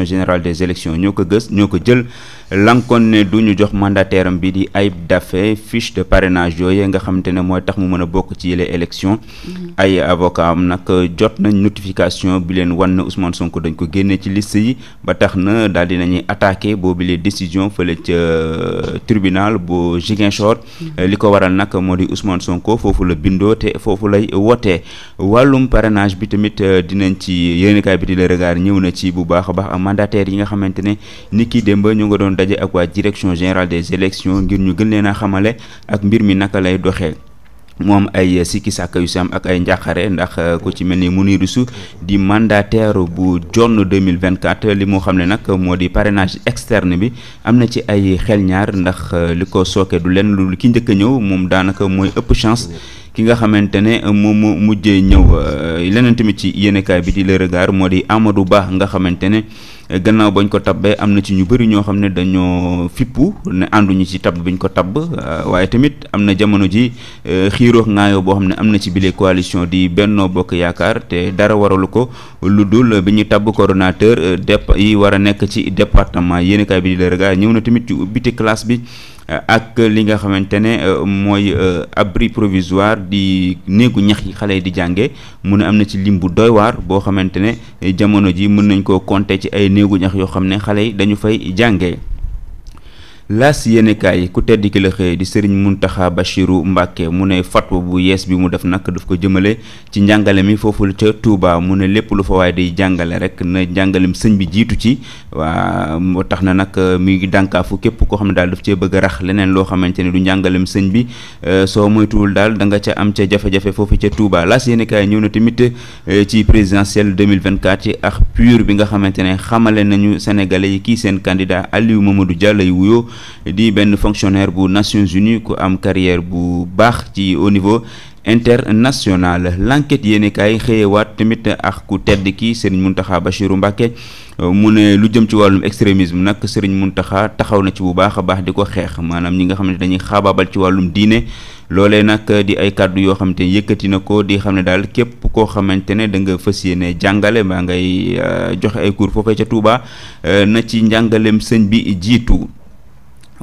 inspection générale des élections ñoo ko gës ñoo ko jël lankoon ne du ñu jox mandataire bi di Ayib Daffé fiche de parrainage yooyu nga xamante ne mooy tax mu mën a bokk ci yële élection mm-hmm. ay avocat am nag jot nañ notification bi leen wan na Ousmane Sonko dañ ko génne ci liste yi ba tax na daal dinañuy attaqué boobu les décision fële ca euh, tribunal bu Ziguinchor mm-hmm. li ko waral nag moo di Ousmane Sonko foofu la bindoo te foofu lay wootee wàllum parrainage bi tamit euh, dinañ ci yéenekaay la a baax mandataires yi nga xamante ne ni ki démb ñu nga doon daje ak waa direction générale des élections ngir ñu gën leen a xamale ak mbir mi naka lay doxee moom ay sikki sàkka yu sam ak ay njàqare ndax euh, ku ci mel ni Mounirou Sow di mandataire bu jonn 2024 li moo xam ne nag moo di parrainage externe bi am na ci ay xel ñaar ndax euh, li ko sooke du leen ki njëkk a ñëw moom daanaka mooy ëpp chance ki nga xamante ne moom mu mujjee ñëw euh, leneen tamit ci yéenekaay bi di Le Regard moo di Amadou gannaaw bañ ko tabbee am na ci ñu bëri ñoo xam ne dañoo fippu ne ànduñu ci tabb biñ ko tabb euh, waaye tamit am na jamono ji euh, xiiroo ngaayoo boo xam ne am na ci bile coalition di Benno Bokk Yaakaar te dara waralu ko lu dul bi ñu tabb coordonnateur euh, dep yi war a nekk ci département yéenekaay bi di la regard ñëw na tamit ci ubbite classe bi Euh, ak li nga xamante ne euh, mooy euh, abri provisoire di néegu ñax yi xale yi di jànge mu ne am na ci lim bu doy waar boo xamante ne jamono ji mën nañ ko compter ci ay néegu ñax yoo xam ne xale yi dañu fay jànge laas yéenekaay ku tedd ki la xëy di sëriñ Muntaxa Bachiru Mbàkke mu ne fatwa bu yees bi mu def nag daf ko jëmale ci njàngale mi foofu ca Touba mu ne lépp lu fa waaye di jàngale rek na njàngalem sëñ bi jiitu ci waa moo tax na nag euh, mi ngi dànkaafu képp koo xam ne daal daf cee bëgg rax leneen loo xamante ne du njàngalem sëñ bi euh, soo moytuwul daal da nga ca am ca jafe foofu ca Touba laas yéenekaay ñëw na tamit euh, ci présidentielle 2024 ci ak pur bi nga xamante ne xamale nañu sénégalais yi kii seen candidat Aliou du Dia lay wuyoo di benn fonctionnaire bu Nations Unies ku am carrière bu baax ci au niveau international l'enquête yéene kaay xëyewaat tamit ak ku tedd ki Serigne ba Bachirou Mbacké euh, mu ne lu jëm ci wàllum extrémisme nag Serigne Mountakha taxaw na ci bu baax a baax di ko xeex maanaam ñi nga xam ne dañuy xaabaabal ci wàllum diine loolee nag di ay kàddu yoo xam te yëkkati na ko di xam ne daal képp koo xamante ne da nga fas yéene jàngale mbaa ngay euh, joxe ay cours foofee ca Touba euh, na ci njàngaleem sëñ bi jiitu.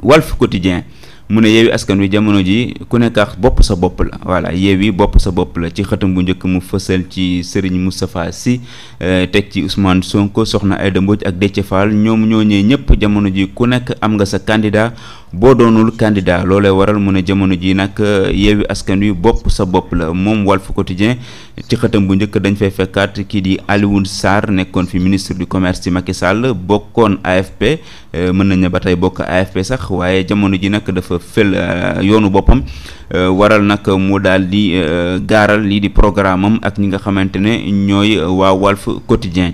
Walf Quotidien mu ne Yewwi Askan Wi jamono ji ku nekk ak bopp sa bopp la voilà Yewwi bopp sa bopp la ci xëtam bu njëkk mu fësal ci Serigne Moustapha Sy euh, teg ci Ousmane Sonko Soxna ay Mbodj ak Déthié Fall ñoom ñooñee ñëpp jamono ji ku nekk am nga sa candidat boo doonul candidat loolee waral mu ne jamono ji nag euh, yeewi askan wi bopp sa bopp la moom Walf Quotidien ci xëtam bu njëkk dañ fay fekkaat kii di Alioune Sarr nekkoon fi ministre du commerce ci Macky Sall bokkoon AFP euh, mën nañ ba tey bokk AFP sax waaye jamono ji nag dafa fel euh, yoonu boppam waral nag mu daal di gaaral lii di programme am ak ñi nga xamante ne ñooy waa Walf Quotidien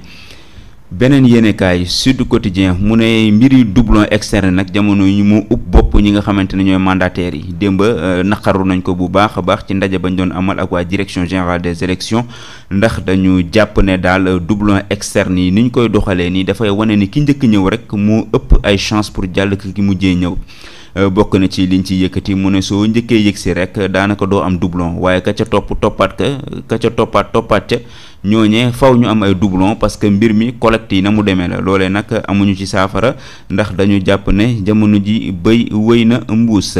beneen yéenekaay Sud Quotidien mu ne mbiri doublon externe nag jamono yi mu upp bopp ñi nga xamante ne ñooy mandataires yi démba euh, naqaru nañ ko bu baax a baax ci ndaje bañ doon amal ak waa direction générale des élections ndax dañu jàpp ne daal doublon externe yi ni ñu koy doxalee nii dafay wane ni ki njëkk ñëw rek mu ëpp ay chance pour jàll ki mujjee ñëw Euh, bokk na ci liñ ci yëkkati mu ne soo njëkkee yëg si rek daanaka doo am dublon waaye ka ca topp toppaat ka ka ca toppaat toppaat ca ñooñee faw ñu am ay doublon parce que mbir mi collecte yi na mu demee la loole nag amuñu ci saafara ndax dañu jàpp ne jamono ji béy wëy na mbuus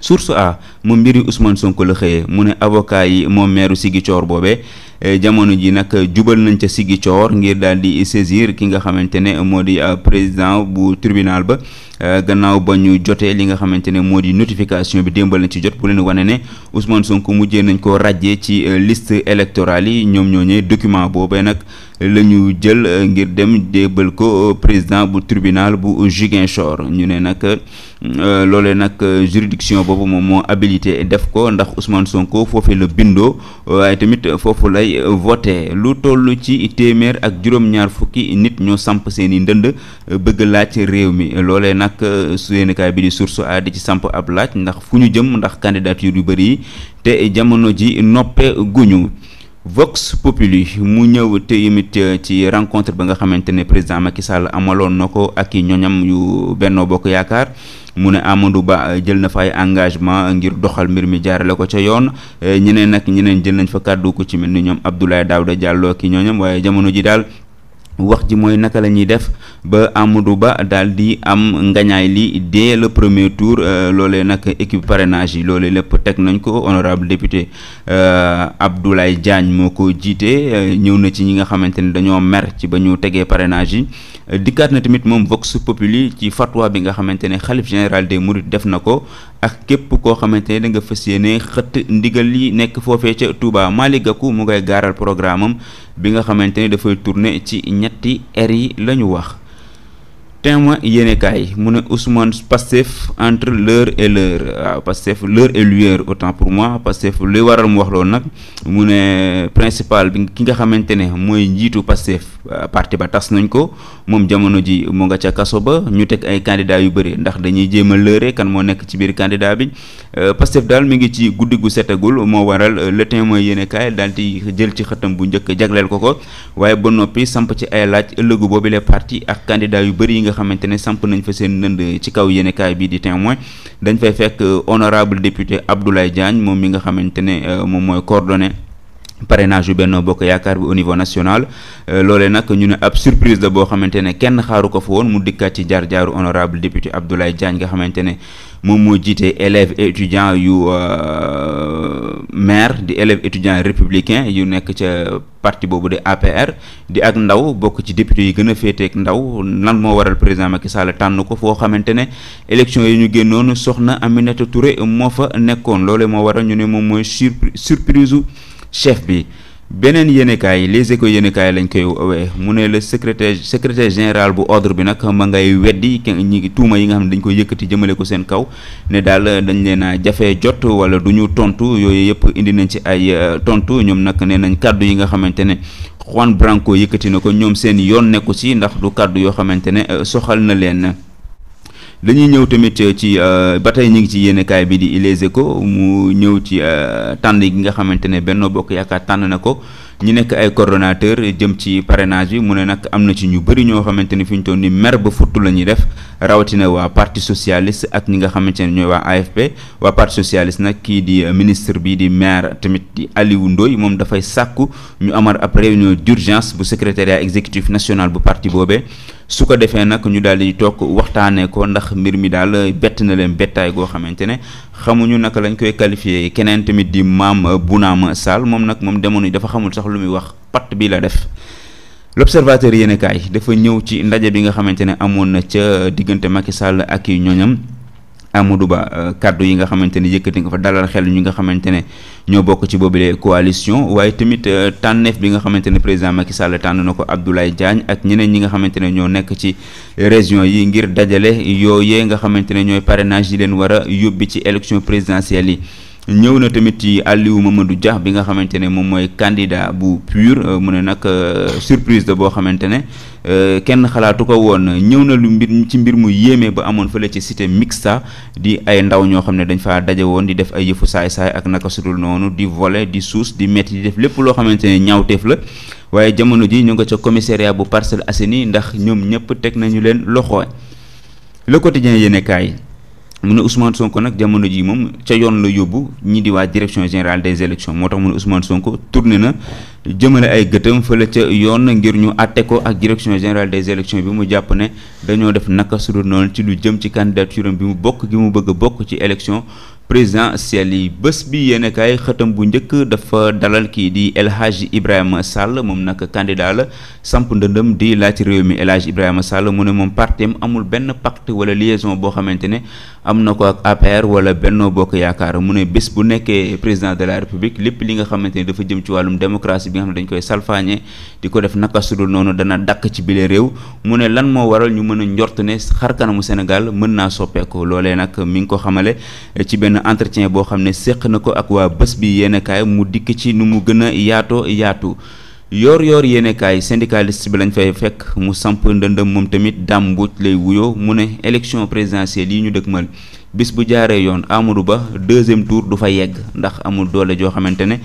source a mu mbiri Ousmane Sonko la xëyee mu ne avocat yi moom meeru Ziguinchor boobee Eh, jamono ji nag jubal nañ ca sigi coor ngir daal di saisir ki nga xamante ne moo di euh, président bu tribunal ba euh, gannaaw ba ñu jotee li nga xamante ne moo di notification bi démbal nañ ci jot bu leen wane ne Ousmane Sonko mujjee nañ ko ràjjee ci euh, list électorale yi ñoom ñooñee document boobee nag la ñu jël ngir dem débal ko président bu tribinal bu Ziguinchor ñu ne nag loole nag juridiction boobu moom moo habilité def ko ndax Ousmane Sonko foofee la bindoo waaye lay lu toll ci téeméer ak juróom-ñaar fukki nit ñoo samp seeni ndënd bëgg laaj réew mi loole nag euh, su yéenekaay bi di Source A di ci samp ab laaj ndax fu ñu jëm ndax candidature yu bëri yi te jamono ji noppe guñu Vox Populi mu ñëw te yimit eh, ci rencontre ba nga xamante ne président Macky Sall amaloon na ko ak i ñoñam yu Benno Bokk Yaakaar mu ne Amadou Ba eh, jël na fa ay engagement ngir doxal mbir mi jaarale ko ca yoon eh, ñeneen nag ñeneen jël nañ fa kàddu ku ci mel ni ñoom Abdoulaye Daouda Diallo ak i ñoñam waaye jamono ji daal wax ji mooy naka lañuy def ba Amadou Ba daal di am ngañaay li dès le premier tour euh, loolee nag équipe parrainage yi loolee lépp teg nañ ko honorable député euh, Abdoulaye Diagne moo ko jiite euh, ñëw na ci ñi nga xamante ne dañoo mer ci ba ñu tegee parrainage yi dikkaat na tamit moom Vox yi ci fatwa bi nga xamante ne xalif général de Mourides def na ko ak képp koo xamante ne da nga fas yéene xëtt ndigal li nekk foofee ca Touba Malick Gakou mu ngay gaaral programme am bi nga xamante ne dafay tourner ci ñetti R yi la ñu wax témoin yéenekaay mu ne Ousmane Pastef entre l'heure et l'heure waaw Pastef l'heure et lueur autant pour moi Pastef li waral mu wax loolu nag mu ne principal bi ki nga xamante ne mooy njiitu Pastef euh, parti ba tas nañ ko moom jamono ji mu nga ca kaso ba ñu teg ay candidats yu bëri ndax dañuy jéem a lëre kan moo nekk ci biir candidat bi euh, Pastef daal mu ngi ci guddi gu setagul moo waral euh, le témoin yéenekaay daal di jël ci xëtam bu njëkk jagleel ko ko waaye ba noppi samp yu bëri nga xamante ne samp nañ fa seen ndënd ci kaw yéenekaay bi di témoin dañ fay fekk honorable député Abdoulaye jaañ moom mi nga xamante ne euh, moom mooy coordonné parrainage yu Benno Bokk Yaakaar bi au niveau national euh, loolee nag ñu ne ab surprise la boo xamante ne kenn xaaru ko fa woon mu dikkaat ci jaar-jaaru honorable député Abdoulaye Diagne nga xamante ne moom moo jiitee élèves et yu euh, maire di élèves étudiants républicains yu nekk ca parti boobu de APR di ak ndaw bokk ci député yi gën a féeteek ndaw nan moo waral président Macky Sall tànn ko foo xamante ne élection yi ñu génnoon soxna Aminata Touré moo fa nekkoon loole moo waral ñu ne moom mooy surprise chef bi beneen yéenekaay les échos yéenekaay lañ koy woowee mu ne le secretaire secrétaire général bu ordre bi nag ma ngay weddi ñi tuuma yi nga xam ne dañ koy yëkkati jëmale ko seen kaw ne daal dañ leen a jafe jot wala du ñu tontu yooyu yëpp indi nañ ci ay euh, tontu ñoom nag nee nañ kàddu yi nga xamante ne Juan Branco yëkkati na ko ñoom seen yoon nekku ci ndax du kàddu yoo xamante ne euh, soxal na leen. dañuy ñëw tamit euh, ci euh, ba tey ñu ngi ci yéenekaay bi di Les ko mu ñëw ci euh, tànn gi nga xamante ne Benno Bokk Yaakaar tànn na ko ñi nekk ay coordonnateur jëm ci parrainage bi mu ne nag am na ci ñu bëri ñoo xamante ni fi ñu toll ni mer ba futt la ñuy def rawatina waa parti socialiste ak ñi nga xamante ne ñooy waa AFP waa parti socialiste nag kii di ministre bi di maire tamit di Aliou Ndoye moom dafay sàkku ñu amar ab réunion d'urgence bu secrétariat exécutif national bu parti boobee su ko defee nag ñu daal di toog waxtaanee ko ndax mbir mi daal bett na leen bettaay goo xamante ne xamuñu naka lañ koy qualifier keneen tamit di maam bu naa ma Sall moom nag moom demoon yi dafa xamul sax lu muy wax pat bii la def l'observateur yéenekaay dafa ñëw ci ndaje bi nga xamante ne amoon na ca diggante Macky Sall ak i ñooñam Amadou Ba euh, kaddu yi nga xamante ne yëkkati nga fa dalal xel ñi nga xamante ne ñoo bokk ci boobu boobule coalition waaye tamit euh, tànneef bi nga xamante ne président Macky Sall tànn na ko Abdoulaye Diagne ak ñeneen ñi nga xamante ne ñoo nekk ci région yi ngir dajale yooyee nga xamante ne ñooy parrainage yi leen war a yóbbi ci élection présidentielle yi. ñëw na tamit ma ma du jax bi nga xamante ne moom mooy candidat bu PUR euh, mu ne nag euh, surprise de boo xamante ne euh, kenn xalaatu ko woon ñëw na lu mbir ci mbir mu yéeme ba amoon fële ci cité mixta di ay ndaw ñoo xam ne dañ fa daje woon di def ay yëfu saay-saay ak naka sudul noonu di voler di suus di metti di def lépp loo xamante ne ñaawteef la waaye jamono ji ñu nga ca commissariat bu Parcelles Assainies ndax ñoom ñëpp teg nañu leen loxo le quotidien yéenekaay mu ne Ousmane Sonko nag jamono ji moom ca yoon la yóbbu ñi di waa direction générale des élections moo tax mu ne Ousmane Sonko tourné na jëmale ay gëtam fële ca yoon ngir ñu àtte ko ak direction générale des élections bi mu jàpp ne dañoo def naka su dul ci lu jëm ci candidature am bi mu bokk gi mu bëgg a bokk ci élection présidentielle yi bés bi yéen kaay xëtam bu njëkk dafa dalal kii di El Hadji Ibrahima Sall moom nag candidat la samp ndëndëm di laaj réew mi El Hadji Ibrahima Sall mu ne moom partem amul benn pacte wala liaison boo xamante ne am na ko ak APR wala Benno Bokk Yaakaar mu ne bés bu nekkee président de la République lépp li nga xamante ne dafa jëm ci wàllum démocratie bi nga xam ne dañ koy salfaañe di ko def naka sudul noonu dana dakk ci bilee réew mu ne lan moo waral ñu mën a njort ne xar kanamu Sénégal mën naa soppeeku loolee nag mi ngi ko xamale benn entretien boo xam ne séq na ko ak waa bés bi yéen mu dikk ci nu mu gën a yaatoo yaatu yoor yoor yéen kaay bi lañ fay fekk mu samp ndëndëm moom tamit Dame Mbodj lay wuyoo mu ne élection présidentielle yi ñu dëkkmal bis bu jaaree yoon Amadou Ba deuxième tour du fa yegg ndax amul doole joo xamante ne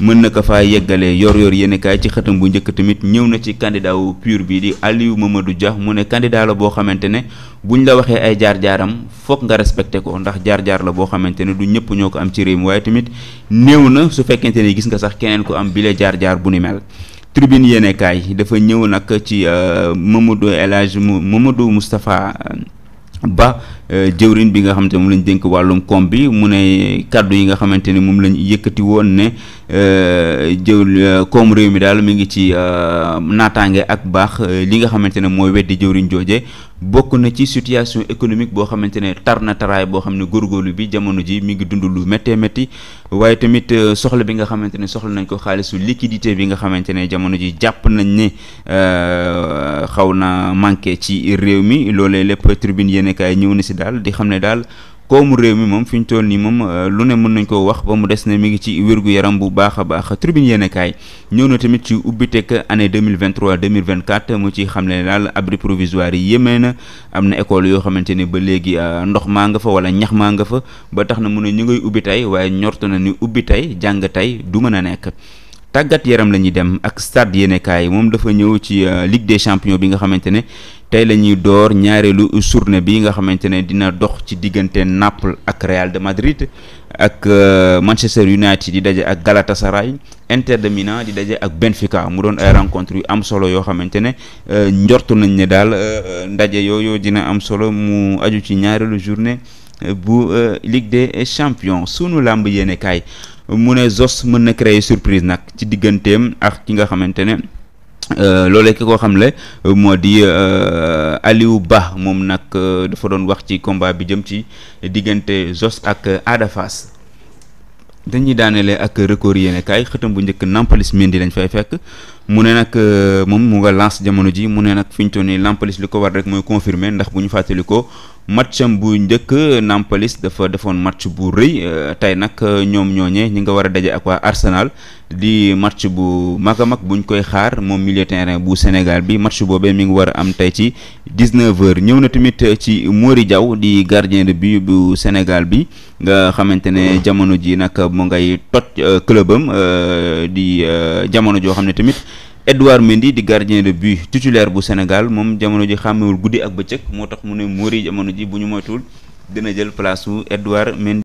mën na ko faa yeggalee yor-yor yéenekaay ci xëtam bu njëkk tamit ñëw na ci candidat wu PUR bi di mëma Mamadou Dia mu ne candidat boo xamante ne buñ la waxee ay jaar-jaaram foog nga respecté ko ndax jaar-jaar la boo xamante ne du ñëpp ñoo ko am ci réew mi waaye tamit néew na su fekkente ne gis nga sax keneen ko am bile jaar-jaar bu ni mel. tribune yéenekaay dafa ñëw nag ci euh, Mamadou El Hadj Mamadou Moustapha euh, ba euh, jëwriñ bi nga xam ne moom lañ dénk wàllum koom bi mu ne kàddu yi nga xamante ne moom lañ yëkkati woon ne Euh, jëw euh, koom réew mi daal mi ngi ci euh, naataange ak baax li nga xamante ne mooy weddi jëwriñ jooje bokk na ci situation économique boo xamante ne tar na taraay boo xam ne góorgóorlu bi jamono ji mi ngi dund lu méttee métti waaye tamit soxla bi nga xamante ne soxla nañ ko xaalisu liquidité bi nga xamante ne jamono ji jàpp nañ ne xaw na manqué ci réew mi loolee lépp tribune yéenekaay ñëw na si daal di xam ne daal koomu réew mi moom fi ñu toll nii moom euh, lu ne mën nañ koo wax ba mu des ne mi ngi ci wér-gu-yaram bu baax a baax tribune yéenekaay ñëw na tamit ci ubbiteg année 2023 2024 mu ci xam ne daal abri provisoire yi yémee na am na école yoo xamante ni ba léegi euh, ndox maa nga fa wala ñax maa nga fa ba tax na mu ne ñu ngay ubbi tey waaye ñort na ni ubbi tey jàng tey du mën a nekk tàggat yaram la ñuy dem ak stade yéenekaay moom dafa ñëw ci euh, Ligue des champion bi nga xamante ne tey la ñuy door ñaareelu journée bi nga xamante ne dina dox ci diggante Naples ak Real de Madrid ak euh, Manchester United di daje ak galatasaraay Inter de Milan di daje ak Benfica mu doon ay rencontre yu am solo yoo xamante ne euh, njortu nañ ne daal ndaje yooyu dina am solo mu aju ci ñaareelu journée bu Ligue des champions sunu làmb yéenekaay mu ne Zos mën na créer surprise nag ci digganteem ak ki nga xamante ne euh, loolee ki ko xamle euh, moo di euh, Aliou Ba moom nag dafa doon wax ci combat bi jëm ci diggante Zos ak adafas Fass dañuy daanelee ak record yéene kaay xëtam bu njëkk Nampalys Mendy lañ fay fekk mu ne nag moom mu nga lance jamono ji mu ne nag fi ñu toll nii Nampalys li ko war rek mooy confirmer ndax bu ñu fàttali ko matcham bu njëkk Nampalis dafa defoon match bu rëy euh, tey nag euh, ñoom ñooñee ñi nga war a daje ak waa Arsenal di match bu mag a mag buñ koy xaar moom milieu terrain bu Sénégal bi match boobee mi ngi war a am tey ci 19h ñëw na tamit euh, ci Mori Diaw di gardien de bu Sénégal bi nga xamante ne jamono ji nag mu ngay toj clubam di jamono joo xam ne tamit. Edouard Mendy di gardien de but titulaire bu Sénégal moom jamono ji xàmmewul guddi ak bëccëg moo tax mu ne Mori jamono ji bu ñu moytuwul dina jël place su Edouard Mendy